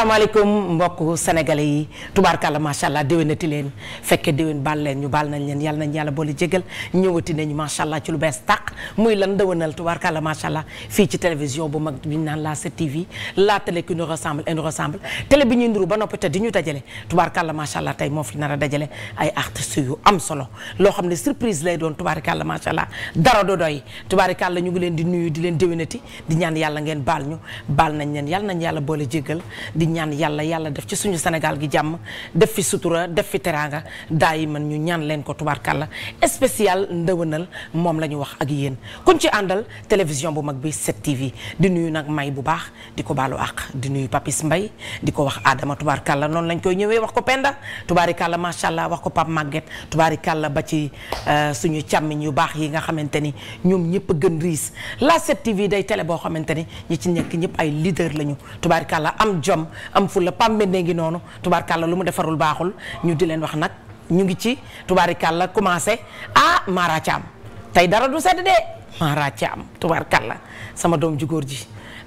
asalaamaaleykum mbokk sénégalais yi tubaarkàlla macha allah déwénati leen fekkee déwén baal leen ñu baal nañ leen yàlla nañ yàlla boole jégal ñëwati nañ macha allah ci lu bees tàq muy lan dëwënal tubaarkàlla macha allah fii ci télévision bu mag bi ñu naan la 7TV la télé qui nous ressemble et nous ressemble télé bi ñuy nduru ba noppi te di ñu dajale tubaarkàlla macha allah tey moo fi nar a dajale ay artistes yu am solo loo xam ne surprise lay doon tubaarkàlla macha allah dara do doy tubaarkàlla ñu ngi leen di nuyu di leen déwénati di ñaan yàlla ngeen baal ñu baal nañ leen yàlla nañ yàlla boole jégal di ñaan yàlla yàlla def ci suñu Sénégal gi jàmm def fi sutura def fi teraanga daay man ñu ñaan leen ko tubaar tubaarkàlla spécial ndëwënal moom la ñu wax ak yéen kuñ ci àndal télévision bu mag bi 7TV di nuyu nag may bu baax di ko baalu àq di nuyu Papis Mbay di ko wax aadama tubaar tubaarkàlla noonu lañ koy ñëwee wax ko Penda tubaarikàlla macha allah wax ko tubaar Maguette kàlla ba ci euh, suñu càmmiñ yu baax yi nga xamante ni ñoom ñëpp gën riis la 7TV day télé boo xamante ni ñi ci nekk ay leader lañu am fulla pàmbende ngi noonu tubaar tubaarkàlla lu mu defarul baaxul ñu di leen wax nag ñu ngi ci tubaarikàlla commencé ah Mara Thiam tey dara du sedd de Mara Thiam tubaarkàlla sama doom ju góor ji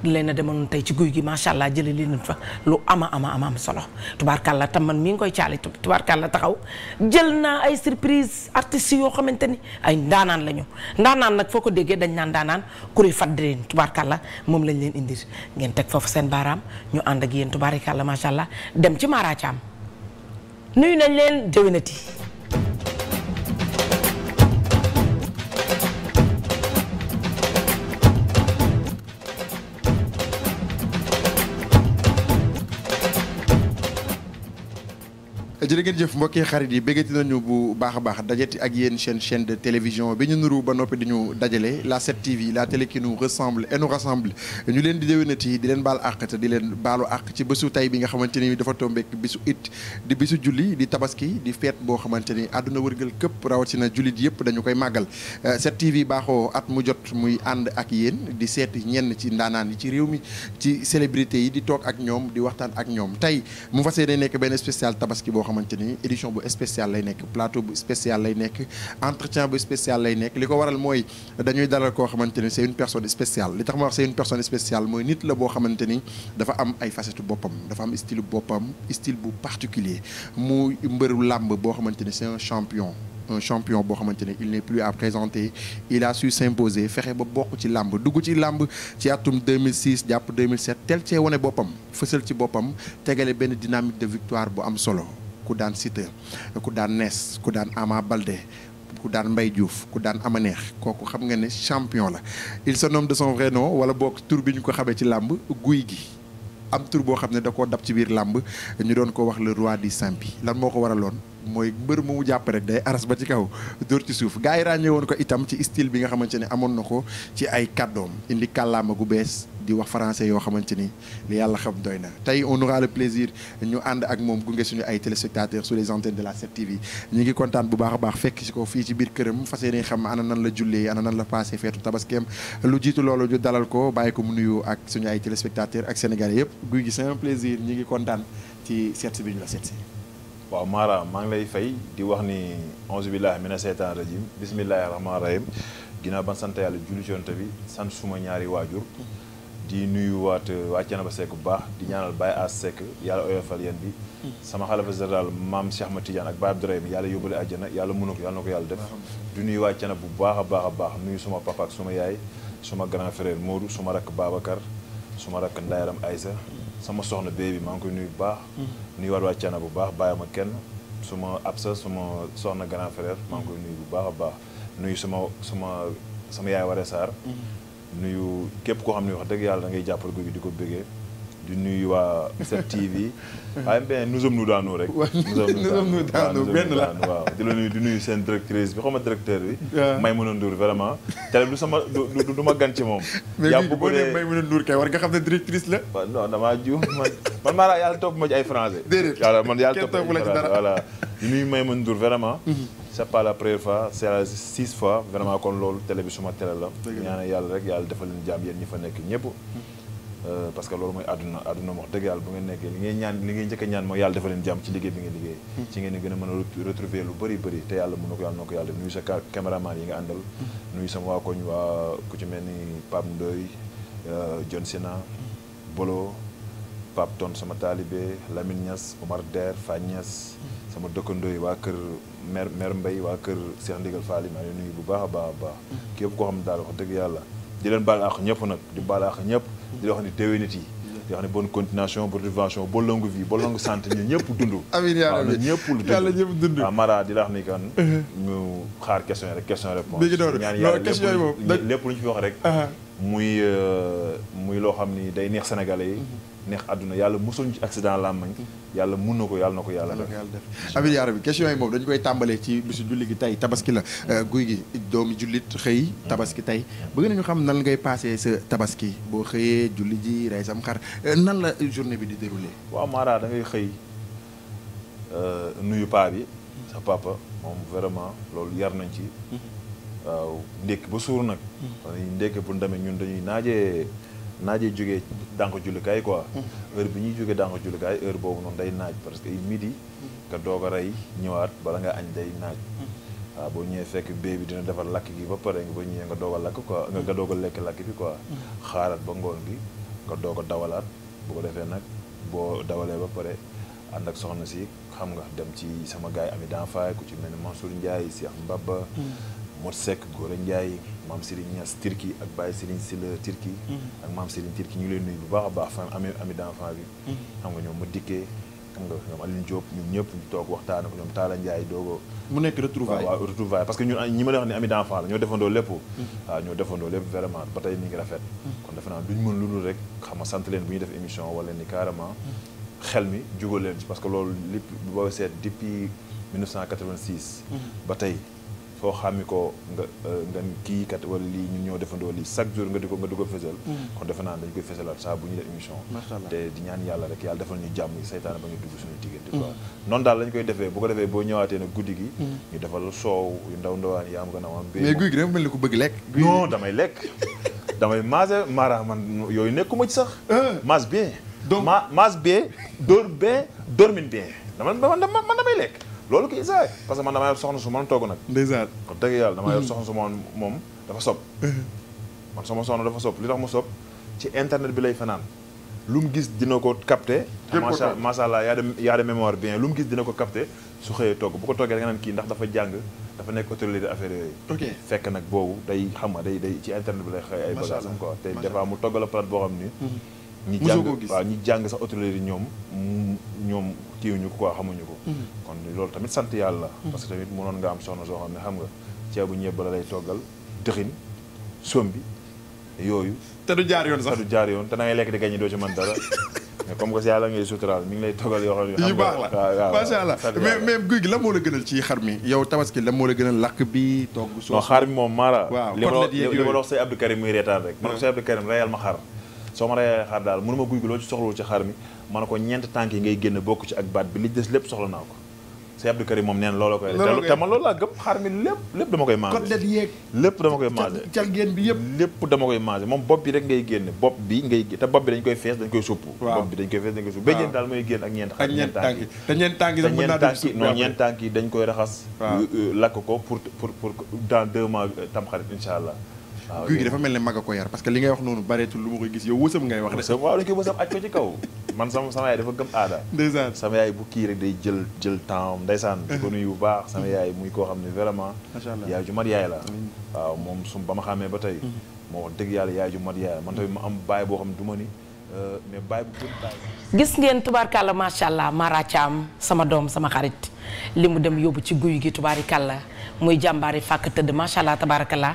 leen a demoon tey ci guy gi macha allah jëlee leen fa lu ama ama ama am solo tubaarkàlla tam man mi ngi koy caali tubaarkàlla taxaw jël naa ay surprise artistes yoo xamante ni ay ndaanaan lañu ndaanaan nag foo ko déggee dañ naan ndaanaan kuri faddirin tubaarkàlla moom lañ leen indi ngeen teg foofu seen baaraam ñu ànd ak yéen kàlla macha allah dem ci maaraacaam nuyu nañ leen déwénati jërë ngeen jëf mbokki xarit yi béggati nañu bu baax baax dajati ak yéen chaîne chaîne de télévision bi ñu nuru ba noppi di ñu dajale la 7 TV la télé qui nous ressemble et ñu leen di déwénati di leen baal àq te di leen baalu àq ci bésu tay bi nga xamante ni dafa tombeek bisu it di bisu julli di tabaski di feet boo xamante ni àdduna wërgal këpp rawatina jullit yëpp dañu koy màggal 7 euh, TV baaxoo at mu jot muy ànd ak yéen di seet ñenn ci ndaanaan yi ci réew mi ci célébrité yi di toog ak ñoom di waxtaan ak ñoom tey mu fas yéene nekk benn spécial tabaski boo xamante ni édition bu spéciale lay nekk plateau bu spécial lay nekk entretien bu spécial lay nekk li ko waral mooy dañuy dalal koo xamante ni c'est une personne spéciale li tax ma wax c'est une personne spéciale mooy nit la boo xamante ni dafa am ay facettes boppam dafa am style boppam style bu particulier mu mbëru làmb boo xamante ni c'est un champion boo xamante ne il n'est plus à présenter il a su s'imposer fexe ba bokk ci làmb dugg ci làmb ci atum 2006 jàpp 2007 tel cee wane boppam fësal ci boppam tegale benn dynamique de victoire bu am solo ku daan Siteu ku daan Nees ku daan Ama balde ku daan mbay Diouf ku daan Amaneex kooku xam nga ne champion la il se nomme de son vrai wala boog tur bi ñu ko xamee ci làmb guy gi am tur boo xam ne da koo dab ci biir làmb ñu doon ko wax le roi du simpi lan moo ko waraloon mooy mbër mu mu jàpp rek day aras ba ci kaw dóor ci suuf gars yi woon ko itam ci style bi nga xamante ne amoon na ko ci ay kàddoom indi kàllaama gu bees di wax français yoo xamante ni li yàlla xam doy na tey on aura le plaisir ñu ànd ak moom gunge suñu ay téléspectateurs su les antennes de la 7TV ñu ngi kontaan bu baax baax fekk si ko fii ci biir këram fas yéene xam ana nan la jullee ana nan la passé feetu tabaskeem lu jiitu loolu ñu dalal ko bàyyi ko mu nuyu ak suñu ay téléspectateurs ak sénégalais yëpp guy gi c'est un ñu ngi kontaan ci seet bi ñu la seet si waaw Mara maa ngi lay fay di wax ni onze billahi mina seytaan rajim bismillahi rahmaani rahim dina ba sant yàlla julli coonte bi sant suma ñaari waajur di nuyu waat waa Thiénaba Seck bu baax di ñaanal baay As Seck yàlla oyofal yéen bi sama xalifa général maam Cheikh Ahmed Tidiane ak Baye Abdourahim yàlla yóbbale àjjana yàlla munu ko yàlla yàlla def di nuyu waa Thiénaba bu baax a baax a baax nuyu suma papa suma yaay suma grand frère Modou suma rakk Babacar suma rakk Ndayaram sama soxna bébé bi maa ngi koy nuyu bu baax. Mm-hmm. nuyu waat waa Thiana bu baax bàyyi ma kenn suma absa suma soxna grand frère maa ngi koy nuyu bu baax a baax nuyu sama sama sama yaay waree saar. Mm-hmm. nuyu képp koo xam ne wax dëgg yàlla da ngay jàppal guy gi di ko bëggee. di nuyu waa 7TV. ah bien nous sommes nous dans nous rek. nous sommes nous dans nous benn la waaw di la nuyu di nuyu seen directrice bi xaw ma directeur bi. waaw Maimouna Ndour vraiment. télé du sama du du ma gan ci moom. yàlla bu bëree mais léegi boo nee Maimouna Ndour kay war nga xam ne directrice la. waaw non damaa jiw man man maa la yàlla topp ma ci ay français. déedéet voilà man yàlla topp ma ci dara voilà. di nuyu Maimouna Ndour vraiment. Mhm. c'est pas la première fois c'est la six fois vraiment kon loolu télé bi suma télé la. dëgg la ñaan yàlla rek yàlla defal leen jàmm yéen ñi fa nekk ñëpp. Mhm. Euh, parce que loolu mooy àdduna àdduna wax dëgg yàlla bu ngeen nekkee li ngay ñaan li ngay njëkk a ñaan mooy yàlla defal leen jàmm ci liggéey bi ngeen liggéey hmm. ci ngeen gën a mën a retrouver lu bëri bëri te yàlla mën na ko yàlla na ko yàlla nuyu sa caméraman yi nga àndal hmm. nuyu sama waa koñ waa ku ci mel ni Pape Ndoye euh, John Sina hmm. Bolo Pape Ton sama taalibe Lamine Niass Omar Der Fa Niass sama dëkkandoo yi waa kër mère mère mbay waa kër Cheikh Ndigal Fall yi maa ngi nuyu bu baax a a baax koo xam daal wax dëgg yàlla di leen baal àq nag di balaax àq ñëpp di wax ni déwénit yi di wax ne bonne continuation bonne révention ba longue vie ba longue santé ñu ñëpp dund amiin yaa rabbi ñëpp lu dund waaw Mara di la wax ni kan ñu xaar question rek question réponse ñaan lépp lu ñu fi wax rek muy euh, muy loo xam ni day neex sénégalais yi mhm. neex àdduna yàlla mosuñu ci accident làmmañ yàlla mun na ko yàlla na ko yàlla def amin yaa bi question yi moom dañu koy tàmbalee ci bisu julli gi tey tabaski la euh, guy gi doomi jullit xëy tabaski tey bëgg ñu xam nan ngay passé sa tabaski boo xëyee julli ji rey sam xar euh, nan la journée bi di déroulé waaw Mara da ngay xëy euh, nuyu paa bi sa papa moom vraiment loolu yar nañ ci mhm. waaw ndékki ba suur nag mhm. dañuy ndékki bu ndamee ñun dañuy naajee naajee jógee dànk jullikaay quoi heure bi ñuy jógee dànk jullikaay heure boobu noonu day naaj parce que midi nga doog a rey ñëwaat bala nga añ day naaj waaw boo ñëwee fekk bee bi dina defar lakk gi ba pare nga ba ñëwee nga doog a lakk quoi nga doog a lekk lakk bi quoi xaaraat ba ngoon bi nga doog a dawalaat bu ko defee nag boo dawalee ba pare ànd ak soxna si xam nga dem ci sama gars yi ami d'enfance ku ci mel ni Mansour Ndiaye Cheikh Mbaba hmm. Mot sekk Gora Ndiaye maam Serigne Niass Turquie ak Baye Serigne Sylla Turquie mm-hmm. ak maam Serigne Turquie ñu leen nuyu bu baax a baax fam ami ami d'enfant bi mm-hmm. xam nga ñoom ma dikkee xam nga ñoom Alioune Diop ñun ñëpp ñu toog waxtaan ak ñoom Talla Ndiaye doogo mu nekk retrouvaille waaw retrouvaille parce que ñun ñi ma lay wax ne ami d'enfant la ñoo defandoo lépp mm-hmm. waaw ñoo defandoo lépp vraiment ba tey mi ngi rafet kon defe naa duñ mën lu dul rek xam nga sant leen bu ñuy def émission wala ni carrément xel mi jugal leen ci parce que loolu lépp boo seet depuis 1986 ba tey foo xàmmi ko nga euh, nga kii kat wala lii ñun ñoo defandoo lii jour nga di ko nga di ko fësal mm. kon defe naa dañ koy fësalaat saa bu ñu def émission te di ñaan yàlla rek yàlla defal ñu jàmm yi saytaane ba ñu dugg suñu diggante quoi mm. daal lañ koy defee boo ko defee boo ñëwaatee nag guddi gi mm. ñu defal soow yu ndaw ndawaan yi am gën a am mais guy gi dama mel lekk damay lekk damay maase maara man yooyu nekkuma ci sax euh. maas bien donc maas bien dóor bien dormin bien dama man damay lekk loolu kii isaay parce que man damaa yor soxna su man togg yàlla damaa yor mm-hmm. soxna su man moom dafa sob man sama soxna dafa sob li tax mu sob ci internet bi lay fanaan lu mu gis dina ko capté macha allah yaa yaa de mémoire bien lu mu gis dina ko capté su xëyee togg bu ko toggee da nga kii ndax dafa jàng dafa nekk autorité affaire yooyu fekk nag boobu day xam nga day day ci internet bi lay xëy ay bagage am quoi te des mu toggal a plate boo xam ni mm-hmm. ñi jàng waaw ñi jàng sax hôtellerie ñoom ñoom kiiwuñu ko quoi xamuñu ko mm-hmm. kon loolu tamit sant yàlla mm-hmm. parce que tamit mënoon nga am soxna soo xam ne xam nga ceebu ñebba la lay toggal dëxin sombi yooyu te du jaar yoon sax te du jaar yoon te na ngay lekk di gañe doo ci mën dara mais comme que si yàlla ngay suturaal mi ngi lay toggal yoo xam ne yu baax mais mais guy gi la moo la gënal ci xar mi yow tabaski la moo la gënal lakk bi togg soo xaar mi moom maara li ma dox say Abdou Karim muy reetaan rek man ko ah. say Abdou Karim reyal ma soo ma reyee xaar daal mënuma guy gi loo ci soxlawul ci xaar mi ma ne ko ñeent tànk yi ngay génn bokk ci ak baat bi li des lépp soxla naa ko si Abdou Karim moom neen looloo koy te man loolu laa gëm xaar mi lépp lépp dama koy mangé côtelette yeeg lépp koy mangé calgéen bi yëpp lépp dama koy mangé moom bopp bi rek ngay génn bopp bi ngay te bopp bi dañ koy fees dañ koy supp bopp bi dañ koy fees dañ koy supp béjjéen daal mooy génn ak ñeent xar ñeent supp non ñeent dañ koy raxas euh, euh, lakk ko pour pour pour dans deux mois tam allah guy gi dafa mel ne mag a ko yar parce que li ngay wax noonu bareetul lu ma koy gis yow wësam ngay wax de waaw dañ koy man sama yaay dafa gëm aada ndeysaan sama yaay bu kii rek day jël jël temps ndeysaan di ko nuyu bu baax sama yaay muy koo xam ne vraiment yaay ju mat yaay la waaw moom sum ba ma xàmmee ba tey mhm. moo wax dëgg yàlla yaay ju mat yaay la man tamit ma am baay boo xam duma ni Euh, mais baay bu gën baay gis ngeen tubaarkàlla macha allah Mara Thiam sama doom sama xarit li mu dem yóbbu ci guy gi tubaarikàlla muy jàmbaari fàkk tëdd macha allah tabarakallah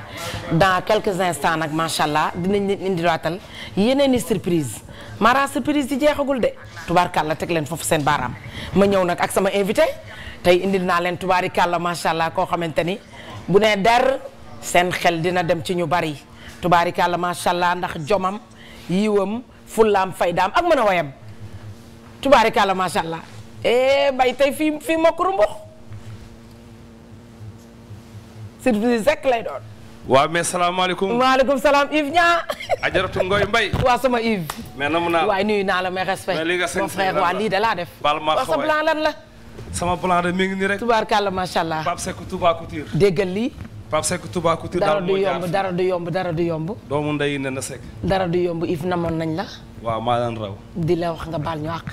dans quelques instant nag macha allah dinañ leen indiwaatal yeneen i surprise Mara surprise yi jeexagul de tubaarkàlla teg leen foofu seen baaraam ma ñëw nag ak sama invité tey indil naa leen tubaarikàlla macha allah koo xamante ni bu nee der seen xel dina dem ci ñu bari tubaarikàlla macha allah ndax jomam fullaam faydaam ak mën a wayam tubaarikàlla macha allah eh, bay tey fii fii mokkuru mbox surprise rek lay doon. waaw mais salaamaaleykum. salaam Yves Niang. ajaratu Ngoy Mbaye. waa sama Yves. naa la waay nuyu naa la mais respect. mais li nga lii da def. baal sa plan lan la. sama plan de mi ngi nii rek. tubaarikàlla macha Pape Seck Touba ku ti dara du yomb dara du yomb dara du yomb. doomu ndey ne na Seck. dara du yomb if moon nañ la. waaw maa leen raw. di la wax nga baal ñu àq.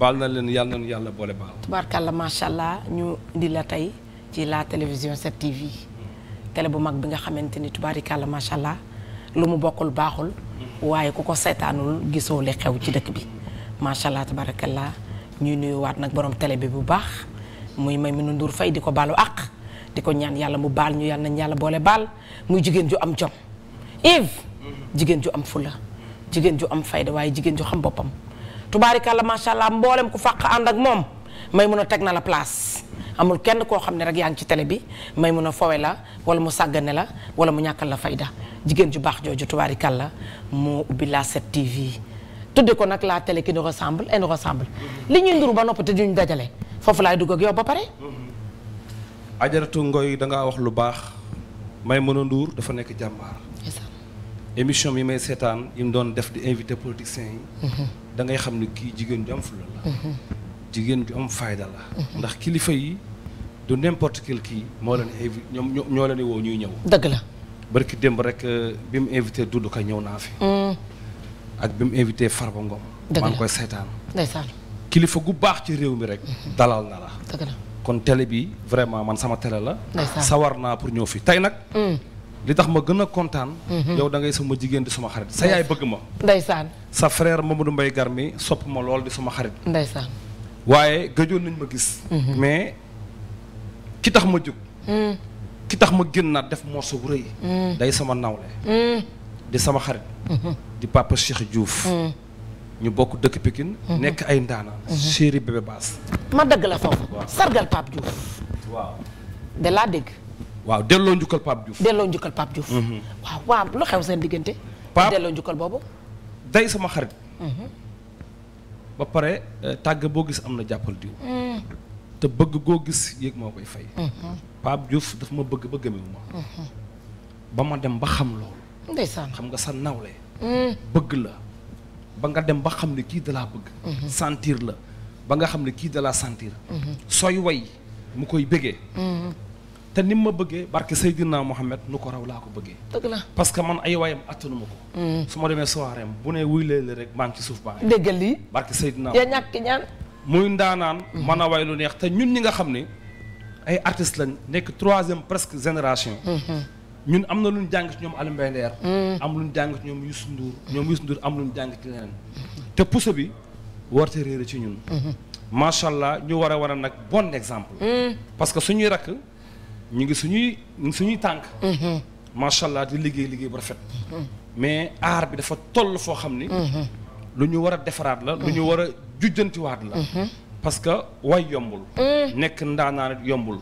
baal na leen yàlla nañu yàlla boole baal. tubaarkàlla macha allah ñu di la tey ci la télévision 7TV. télé bu mag bi nga xamante ni tubaarkàlla macha allah lu mu bokkul baaxul. waaye ku ko seetaanul gisoo li xew ci dëkk bi. macha allah tubaarkàlla ñuy nuyuwaat nag borom télé bi bu baax muy nu Ndour Faye di ko baalu àq. di ko ñaan yàlla mu baal ñu yàlla nañ yàlla boole baal muy jigéen ju am jom Yves jigéen ju am fula jigéen ju am fayda waaye jigéen ju xam boppam tubaarikàlla macha allah mboolem ku fàq ànd ak moom may mun a teg na la place amul kenn koo xam ne rek yaa ngi ci tele bi may mun a foowe la wala mu sàggane la wala mu ñàkkal la fayda jigéen ju baax jooju tubaarikàlla mu ubbi la 7TV tudde ko nag laa télé qui nous ressemble et nous li ñuy nduru ba nopp te duñ dajale ajaratu ngoy da ngaa wax lu baax may Maimouna Ndour dafa nekk jàmbaar émission bi may seetaan yi mu doon def di invité politiciens yi mhm. da xam ne kii jigéen ju am mhm. jigéen ju am fayda la mhm. ndax kilifa yi du n'importe quel moo leen invi ñoom ñoo leen woo ñuy ñëw dëgg la barki démb rek euh, bi mu invité Doudou Ka ñëw naa fi ak bi mu invité Farba Ngom maa ngi koy seetaan kilifa gu baax ci réew mi rek dalal na la kon télé bi vraiment man sama télé la. sawar naa pour ñëw fi tey nag. Mm. li tax ma gën a kontaan. Mm-hmm. yow da sama jigéen di sama xarit sa yaay bëgg ma. ndeysaan sa frère Mamadou Mbaye Garmi sopp ma lool di sama xarit. ndeysaan waaye gëjoon nañ ma gis. Mm-hmm. mais ki tax ma jóg. Mm. ki tax ma génnaat def morceau bu rëy. Mm. day sama nawle. di sama xarit. Mm-hmm. di papa Cheikh Diouf. ñu bokk dëkk Pikine mhm. nekk ay ndaanaan mhm. chéri bébé baas ma dëgg la foofu sargal Pape Diouf waaw de laa dégg waaw delloo njukkal Pape Diouf delloo njukkal Pape Diouf mhm. waaw waaw lu xew seen diggante Pape delloo sama xarit ba pare euh, tàgg boo gis am na jàppal diw te bëgg goo gis yéeg moo koy fay Pape Diouf dafa ma bëgg ba gëmewu ma ba ma dem ba xam loolu xam nga sa nawle bëgg la ba nga dem ba xam ne kii dalaa bëgg mhm. sentir la ba nga xam ne kii dalaa sentir mhm. sooy way mu koy bëggee mhm. te ni ma bëggee barke Seydina Mohamed nu ko raw laa ko bëggee dëgg la parce que man ay waayam attanu ma ko su ma demee soirée bu ne wuy léeg rek maa ci suuf baa ngi déggal lii barke Seydina yaa ñàkk ñaan muy ndaanaan mën a way lu neex te ñun ñi nga xam ne ay artistes lañ nekk troisième presque génération ñun am na luñ ñu jàng ci ñoom Alioune Mbaye Nder mm. am lu jàng ci ñoom Youssou Ndour ñoom Youssou Ndour am lu ñu jàng ci leneen te puso bi warte réer ci ñun mm-hmm. macha allah ñu war a war a nag bon exemple mm. parce que suñuy rakk ñu ngi suñuy suñuy tànk mm-hmm. macha allah di liggéey liggéey bu rafet mm-hmm. mais aar bi dafa toll foo xam ni lu ñu war a defaraat la lu ñu war a jujjantiwaat la parce que way yombul mm. nekk ndaanaan yombul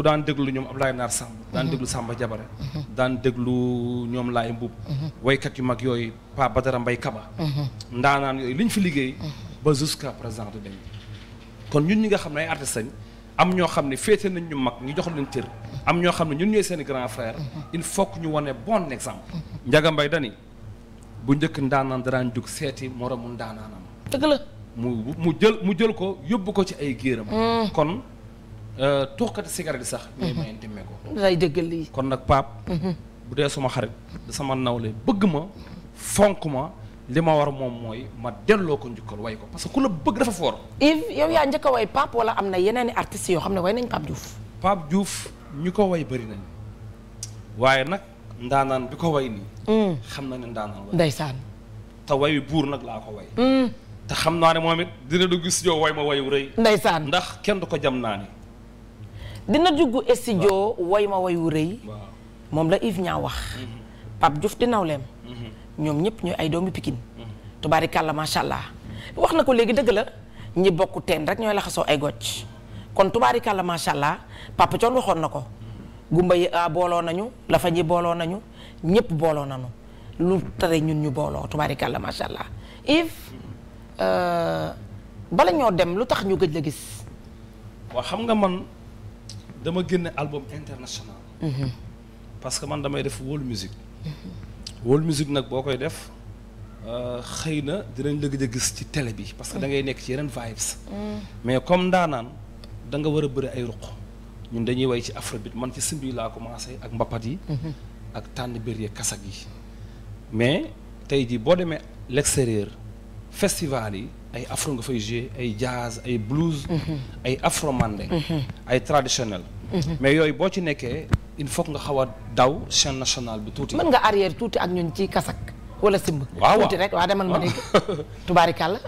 ku daan déglu ñoom Ablaye Naar Samb daan mhm. déglu Samba Jabare mhm. daan déglu ñoom Laay Mbuub mhm. waykat yu mag yooyu Pa Badara ba jusqu'à présent du dañ kon ñun ñi nga xam ne ay artistes lañ am ñoo xam ne féete nañ ñu mag ñu jox leen cër am ñoo xam ne ñun ñooy seen grand frère il faut que ñu wane bon exemple Njaga Mbay dani bu njëkk ndaanaan daraan jug seeti moromu ndaanaanam dëgg la mu jël mu jël ko yóbbu ko ci ay géeram kon Euh, tuuxkati cigarette sax. ñooy mhm. mayante ko. lay dëggal lii. kon nag Pape. Mhm. bu dee suma xarit sama nawle bëgg ma fonk ma li ma war moom mooy ma delloo ko njukkal way ko parce que ku la bëgg dafa foor. Yves yow yaa njëkk a way Pape wala am na yeneen i artistes yoo xam ne way nañ Pape Diouf. Pape Diouf ñu ko way bëri nañ waaye nag ndaanaan bi ko way nii. Mm. xam na ne ndaanaan way. ndeysaan. te wayu buur nag laa ko way. Mm. te xam naa ne moom it dina du gis yow way ma wayu rëy. ndeysaan ndax kenn du ko jam dina dugg studio way ma woy wu rëy moom la Yves Niang wax mm-hmm. Pape Diouf di nawleem mm-hmm. ñoom ñëpp ñu ay doomi Pikine mm-hmm. tubaarikàlla macha allah wax na ko léegi dëgg la ñi bokku teen rek ñooy laxasoo ay gocc kon tubaari tubaarikàlla macha allah Papa Thione waxoon na ko gumba yi ah, booloo nañu lafa ñi booloo nañu ñëpp booloo nañu lu tere ñun ñu booloo tubaarikàlla macha allah Yves euh, bala ñoo dem lu tax ñu gëj la gis. dama génne album international. Mhm. parce que man damay def world music. Mhm. world music nag boo koy def euh, xëy na dinañ la gëj gis ci télé bi. parce que mhm. da ngay nekk ci yeneen vibes. mais comme ndaanaan da nga war a bëri ay ruq ñun dañuy way ci afrobeat man ci simbi laa commencé ak mbapat yi. ak tànn biir kasak yi. mais tey jii boo demee l' festival yi. ay afro nga fay ay jazz ay blues. Mhm. ay afro mandeng mhm. ay traditionnel. Mhm. mais yooyu boo ci nekkee il faut nga xaw a daw chaîne national bi tuuti. mën nga arrière tuuti ak ñu ci kasak wala simb. waaw tuuti rek waa demal ma dégg tubaarikàlla.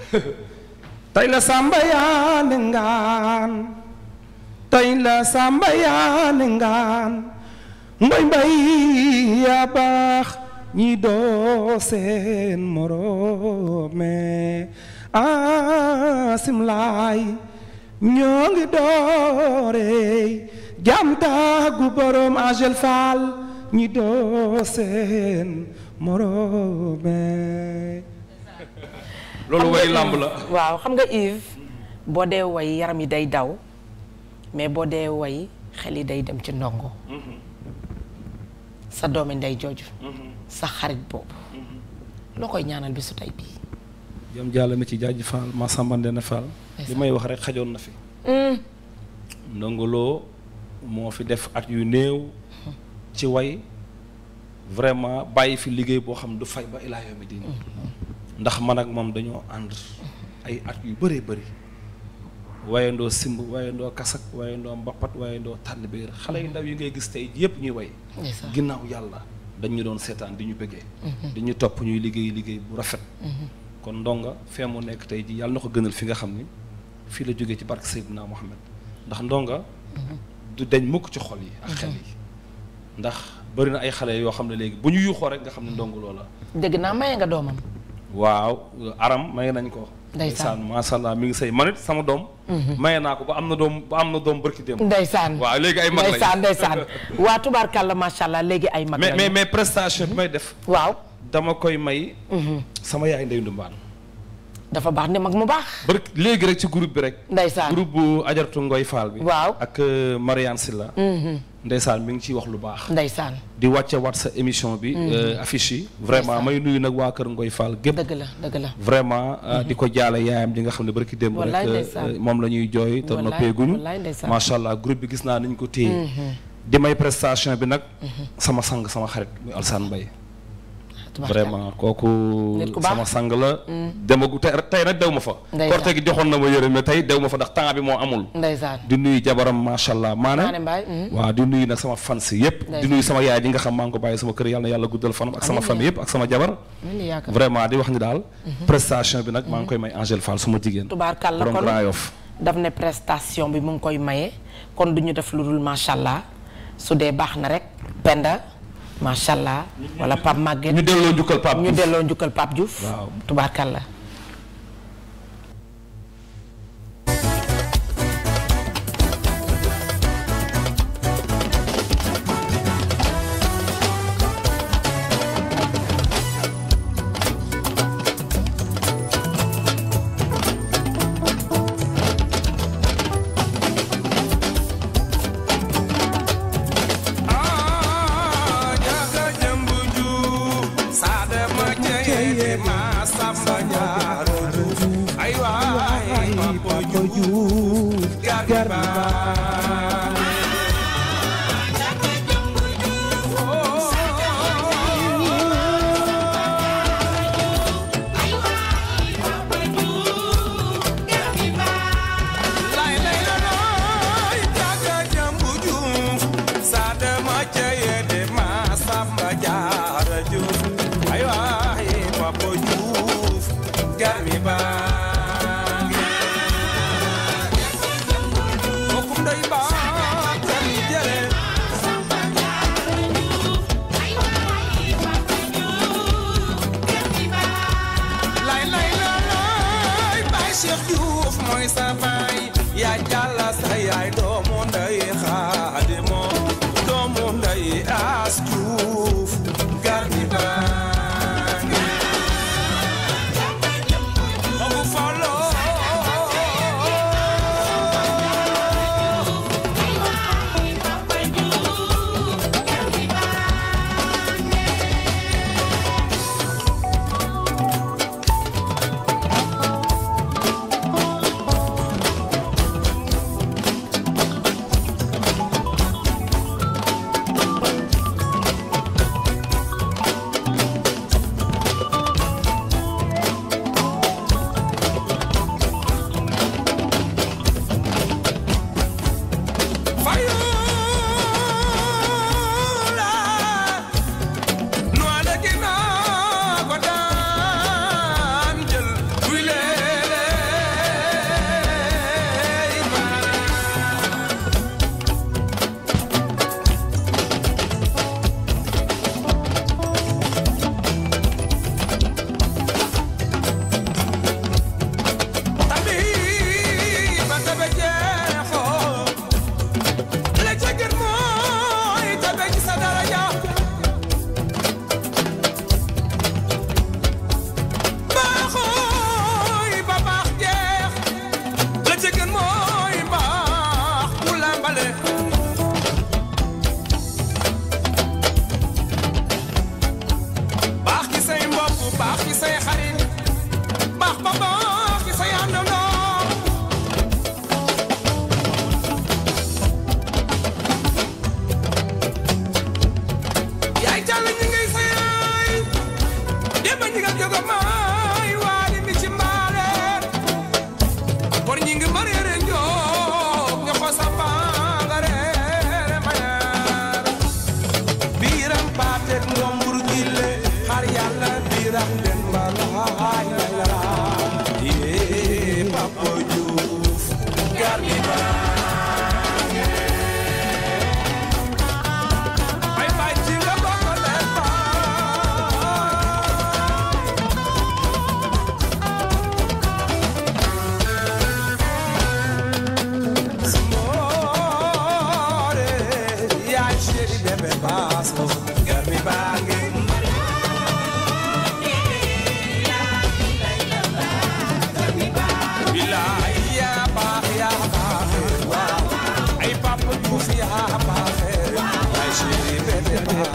tey la samba yaa ne ngaan tey la samba yaa ne ngaan mbay mbay yaa baax ñi doo seen morome asim laay ñoo ngi dooree jamtaagu borom Agel Fall ñi doo seen morome loolu way làmb la waaw xam nga Yves boo dee way yaram yi day daw mais boo dee woy xel yi day dem ci ndongo mm-hmm. sa doomi ndey jooju mm-hmm. sa xarit boobu mm-hmm. loo koy ñaanal bi su tey bii jam jàll mi ci jaaj Fall ma sambande na Fall li may wax rek xajoon na fi mm. Ndongo Lo moo fi def at yu néew ci way vraiment bàyyi fi liggéey boo xam du fay ba ilaa yawmi diin mm-hmm. ndax man ak moom dañoo ànd ay at yu bëree bëri wayandoo simb wayandoo kasak wayandoo mbappat wayandoo tànn biir xale yu ndaw yi ngay gis tey yëpp ñuy way ginnaaw yàlla dañu doon seetaan di ñu bëggee mm-hmm. di ñu topp ñuy liggéey liggéey bu rafet mm-hmm. kon ndonga fee mu nekk tey ji yàlla na ko gënal fi nga xam ni fii la jógee ci barke Seydina Mohamed ndax ndonga du deñ mukk ci xol yi ak xel yi ndax bëri na ay xale yoo xam ne léegi bu ñu yuuxoo rek nga xam ne ndongu loola dégg naa maye nga doomam waaw aram maye nañ ko ndeysaan macha allah mi ngi sëy man it sama doom mhm. maye naa ko ba am na doom ba am na doom barki dem ndeysaan waaw léegi ay mag lañ waa tubaarkàlla macha allah léegi ay mag lañ mais mais prestation bi may def waaw dama koy may. Mhm. sama yaay Ndeye Ndumbaan. dafa baax ne mag mu baax. ba léegi rek ci groupe bi rek. ndeysaan groupe bu ajartu Ngoy Fall bi. waaw ak euh, Mariane Silla. Mhm. ndeysaan mu ngi ciy wax lu baax. ndeysaan di wàcce wat sa émission bi. Mhm. Euh, affiche yi vraiment may nuyu nag waa kër Ngoy Fall gépp. vraiment euh, di ko jaale yaayam li nga xam ne barki démb rek moom la ñuy jooy te noppeeguñu. macha allah groupe bi gis naa ni ñu ko téye. di may prestation bi nag. sama sang sama xarit muy Alsaan Mbaye vraiment kooku sama sang la mm. demagu te tey nag dew ma fa korte gi joxoon na ma yëre mais tey dew ma fa ndax temps bi moo amul di nuyu jabaram macha allah maanaam mm. waaw di nuyu nag sama fans yëpp di nuyu sama yaay ji nga xam maa ngi ko bàyyi sama kër yàlla na yàlla guddal fanam ak sama famille yëpp ak sama jabar vraiment di wax ni daal mm-hmm. prestation bi nag maa ngi mm-hmm. koy may Angèle Fall suma jigéen tubaarkàlla kon Grand Yoff daf ne prestation bi mu ngi koy maye kon du ñu def lu dul macha na rek penda macha allah wala Pape Maguette ñu delloo njukkal Pape Diouf ñu delloo njukkal Pape Diouf. waaw la Barba Cheikh Diouf mooy sa baay yaa jàll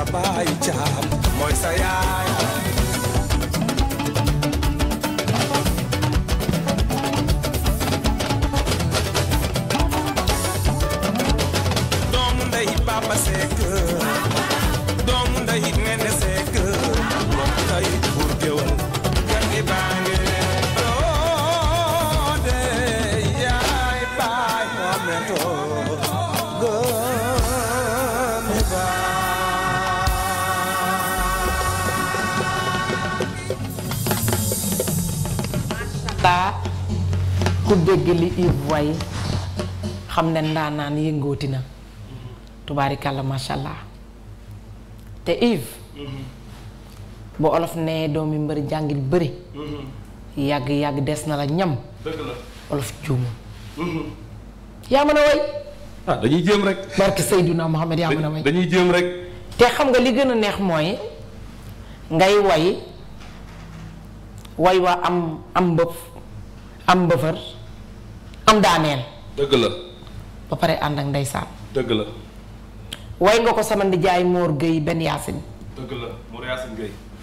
la bàyyi caam mooy sa yaay doomu ndey Papa Seck doomu ndey Nene Seck doomu ndey Bour Gueweul dégg li Yves Voye xam ne ndaanaan yëngooti na tubaarikàlla macha allah te Yves bu olof nee doomi mbër jàngil bëri yàgg yàgg des na la ñam olof juumul mhm. yaa mën a way ah, dañuy jéem rek barke Seydina Mohamed yaa mën a way dañuy jéem rek te xam nga li gën a neex mooy ngay way way waa am am mbëf am mbëfër am daaneel. dëgg la. ba pare ànd ak ndeysaan. dëgg la. way nga ko sama nijaay Mor Gueye benn Yaasin. dëgg la Mor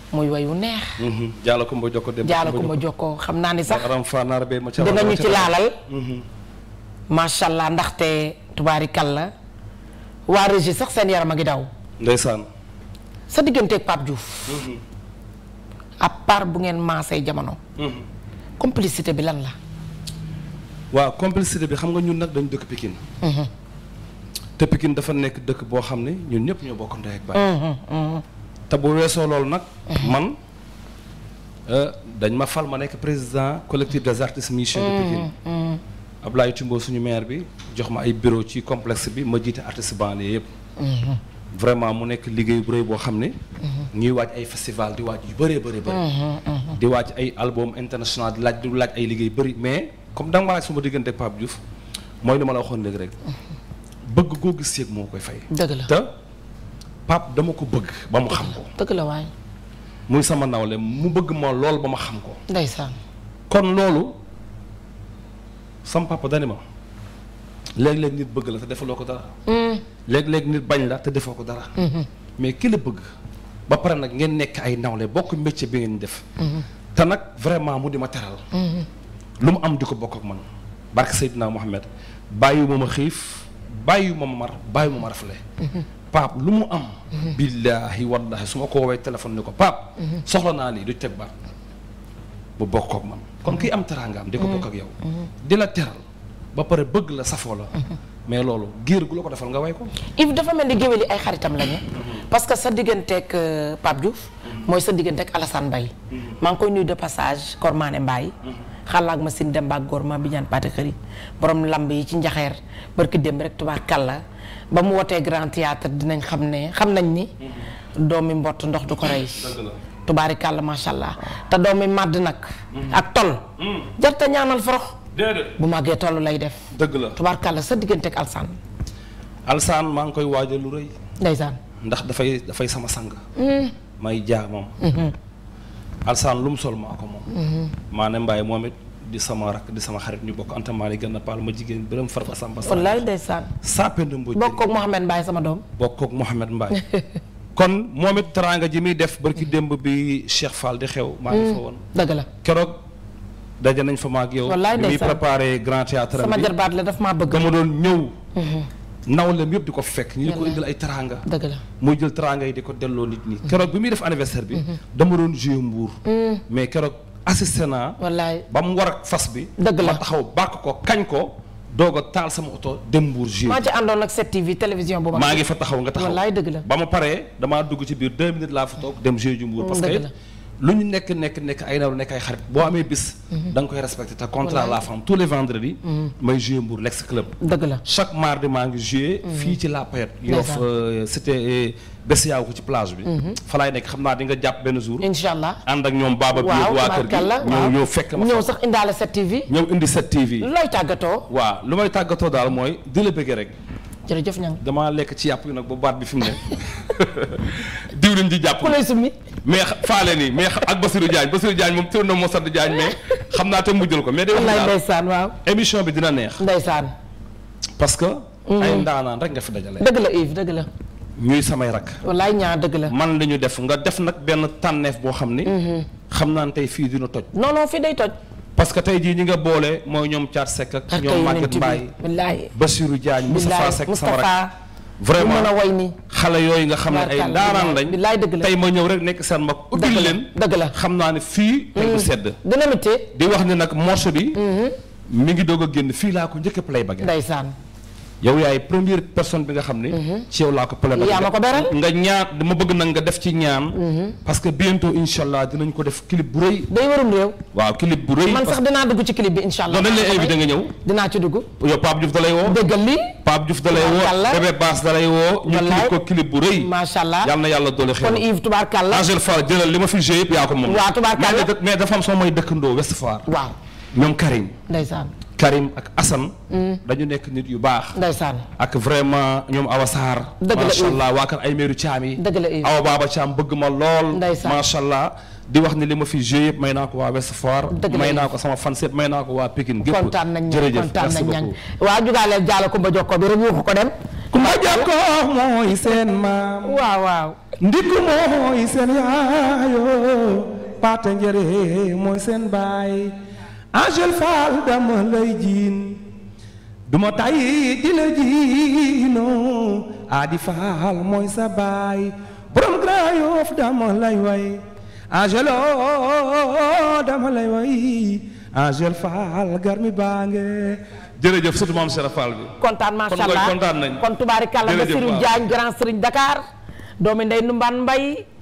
muy wayu neex. Mhm. jaala ko ma jokkoo dem jaala ko xam naa ni sax. dina ñu ci laalal. Mhm. macha allah ndaxte tubaarikàlla waa régie sax seen yaram a ngi daw. ndeysaan. sa digganteeg Pape Diouf. Mhm. à bu ngeen maasee jamono. complicité bi lan la. waaw complicité bi xam nga ñun nag dañu dëkk Pikine mhm. te Pikine dafa nekk dëkk boo xam ne ñun ñëpp ñoo bokk ak baay mhm, mhm. te bu weesoo loolu nag man euh, dañ ma fal ma nekk président collectif des artistes musiciens de Pikine Ablaye Thimbo suñu maire bi jox ma ay bureau ci complexe bi ma jiite artistes banlieue yëpp vraiment mu nekk liggéey bu rëy boo xam ne ñuy waaj ay festival di waaj yu bëree bëri di waaj ay album international di laaj di laaj ay liggéey bari mais comme da nga ma laaj suma diggante Pape Diouf mooy li ma la waxoon léegi rek bëgg koo gis yéeg moo koy fay. dëgg la te Pape dama ko bëgg ba mu xam ko. dëgg la waay. muy sama nawle mu bëgg ma lool ba ma xam ko. ndeysaan. kon loolu sama papa dani ma léeg-léeg nit bëgg la te defaloo ko dara. Hmm. léeg-léeg nit bañ la te defoo ko dara. Hmm. mais ki la bëgg. ba pare nag ngeen nekk ay nawle bokk métier bi ngeen def. Hmm. te nag vraiment mu di ma teral. lu mu am di ko bokk ak man barke Seydina Mohamed bàyyi ma a xiif bàyyi ma ma mar bàyyi ma ma rafle paap lu mu am billaahi wallaahi su ma ko woowee téléphone ni ko paap soxla naa lii du teg baat bu bokk ak man kon kii am teraangaam di ko bokk ak yow di la teral ba pare bëgg la safoo la mais loolu géer gu la ko defal nga way ko Yves dafa mel ni géwél yi ay xaritam lañu mhm. parce que sa digganteeg euh, Pape Diouf mhm. mooy sa digganteeg Alassane Mbaye mhm. maa ngi koy xalaak ma sin dem ba góor ma bi ñaan paate xëri borom lamb yi ci njaxeer barki dem rek tubaar kàlla ba mu wootee grand théâtre dinañ xam ne xam nañ ni doomi mbott ndox du ko rey tubaari kàlla macha allah te doomi màdd nag ak tol mm. jarta ñaanal forox bu màggee tollu lay def dëgg la tubaar kàlla sa diggante ak alsaan alsaan maa ngi koy waajal lu rëy ndax dafay dafay sama sang mm. may jaamam mm-hmm. alsaan lu mu sol maa ko moom mhm. maane mbaay moom it di sama rakk di sama xarit ñu bokk Anta Mali gën a paal ma jigéen bërëm farba samba wallaay ndeysaan sapend mbo bokk ak sama doom bokk ak Mouhamed Mbaye kon moom it teraanga ji muy def barki démb bi Cheikh Fall di xew maa ngi fa mhm. woon dëgg la keroog daje nañ fa ma ak yow wallaay maa bëgg dama doon ñëw mhm. nawleem yëpp di ko fekk. ñu ko indil ay teraanga. dëgg la muy jël teraanga yi di ko delloo nit ñi. keroog bi muy def anniversaire bi. Mhm. dama doon joué mbuur. Mhm. mais keroog assisté naa. wallaay ba mu war a fas bi. dëgg la ma taxaw bàkk ko kañ ko. doog a taal sama oto dem mbuur joué. maa ci àndoon ak maa ngi fa taxaw nga taxaw wallaay dëgg la. ba ma paree damaa dugg ci biir deux minutes laa fa toog dem joué ju mbuur. Mm, parce que lu ñu nekk nekk nekk ay naw nekk ay xarit boo amee bis. Mhm. da nga koy respecté te contrat la femme tous les vendredis. Mhm. may joué Mbour l'ex club. dëgg la chaque mardi maa ngi joué. Mhm. fii ci la payette. yoof c'était bés yaaw ko ci plage bi. fa laay nekk xam naa di nga jàpp benn jour. incha allah ànd ak ñoom Baba bi waa kër gi ñëw ñëw fekk ma ñëw sax indaale 7TV. ñëw indi 7TV. lu lay tàggatoo. waaw lu may tàggatoo daal mooy di la bëggee rek. jërëjëf ñang damaa lekk ci yàpp yi nag ba baat bi fi ne diwlin ji jàpp ku lay summi mais faale nii mais ak Basirou Diagne Basirou Diagne moom tur na moo sant Diagne mais xam naa te mujjal ko mais day wallaay ndeysaan waaw émission bi dina neex ndeysaan parce que mm-hmm. ay ndaanaan rek nga fi dajale dëgg la Yves dëgg la ñuy samay rak wallaay ñaa dëgg la man lañu def nga def nag benn tànneef boo xam ni mm-hmm. xam naa ne tey fii dina toj non fii day toj parce que tey jii ñi nga boole mooy ñoom Thiat Seck ak ñoom Maguette Mbaye wallaahi Bassirou Diagne Moustapha Seck Samara vraiment mën a way ni xale yooyu nga xam ne ay daaraan lañ bilaay dëgg la tey ma ñëw rek nekk seen mag ubbil leen dëgg la xam naa ne fii xel bu mm. sedd dina di wax ne nag morceau bi mu mm-hmm. ngi doog a génn fii laa ko njëkk a play ba saan yow yaay première personne bi nga xam ne. Mhm. ci yow laa ko pële nga ñaan dama bëgg nag nga def ci ñaan. Mhm. parce que bientôt incha allah dinañ ko def clip bu rëy. day warum réew. waaw clip bu rëy. man sax dinaa dugg ci clip bi incha allah. dañ lay invité nga ñëw. woo. dëggal Baas da woo. ñu ko clip bu rëy. macha na yàlla doole xew. kon Yves Toubarkalla. Angèle Fall jëlal li ma fi joué yëpp yaa ko moom. waaw Toubarkalla mais dafa am soo may dëkkandoo West Foire. ñoom Karim. ndeysaan Karim ak Assane. Mm. dañu nekk nit yu baax. ndeysaan ak vraiment ñoom Awa Sarr. dëgg la allah waa kan ay meeru caam yi. dëgg la Awa Baba Caam bëgg ma lool. ndeysaan macha allah. di wax ni li ma fi joué yëpp may naa ko waa West Foire. may naa ko sama fans yëpp may naa ko waa Pikine. gépp kontaan nañ ñan kontaan nañ ñan bi rek yuuxu ko dem. kumba jokko mooy seen maam. waaw waaw. ndikku mooy seen yaayo. paate njëre mooy seen baay. Angel Fall dama lay jiin duma tay di la jiinoo Adi Fall mooy sa baay borom Grand Yoff dama lay way Angelo dama lay way Angel Fall garmi baange jërëjëf surtout maam Serap Fall bi. kontaan macha allah kon kontaan nañ kon tubaarikàlla Serigne Diagne doomi ndey Ndumbaan Mbay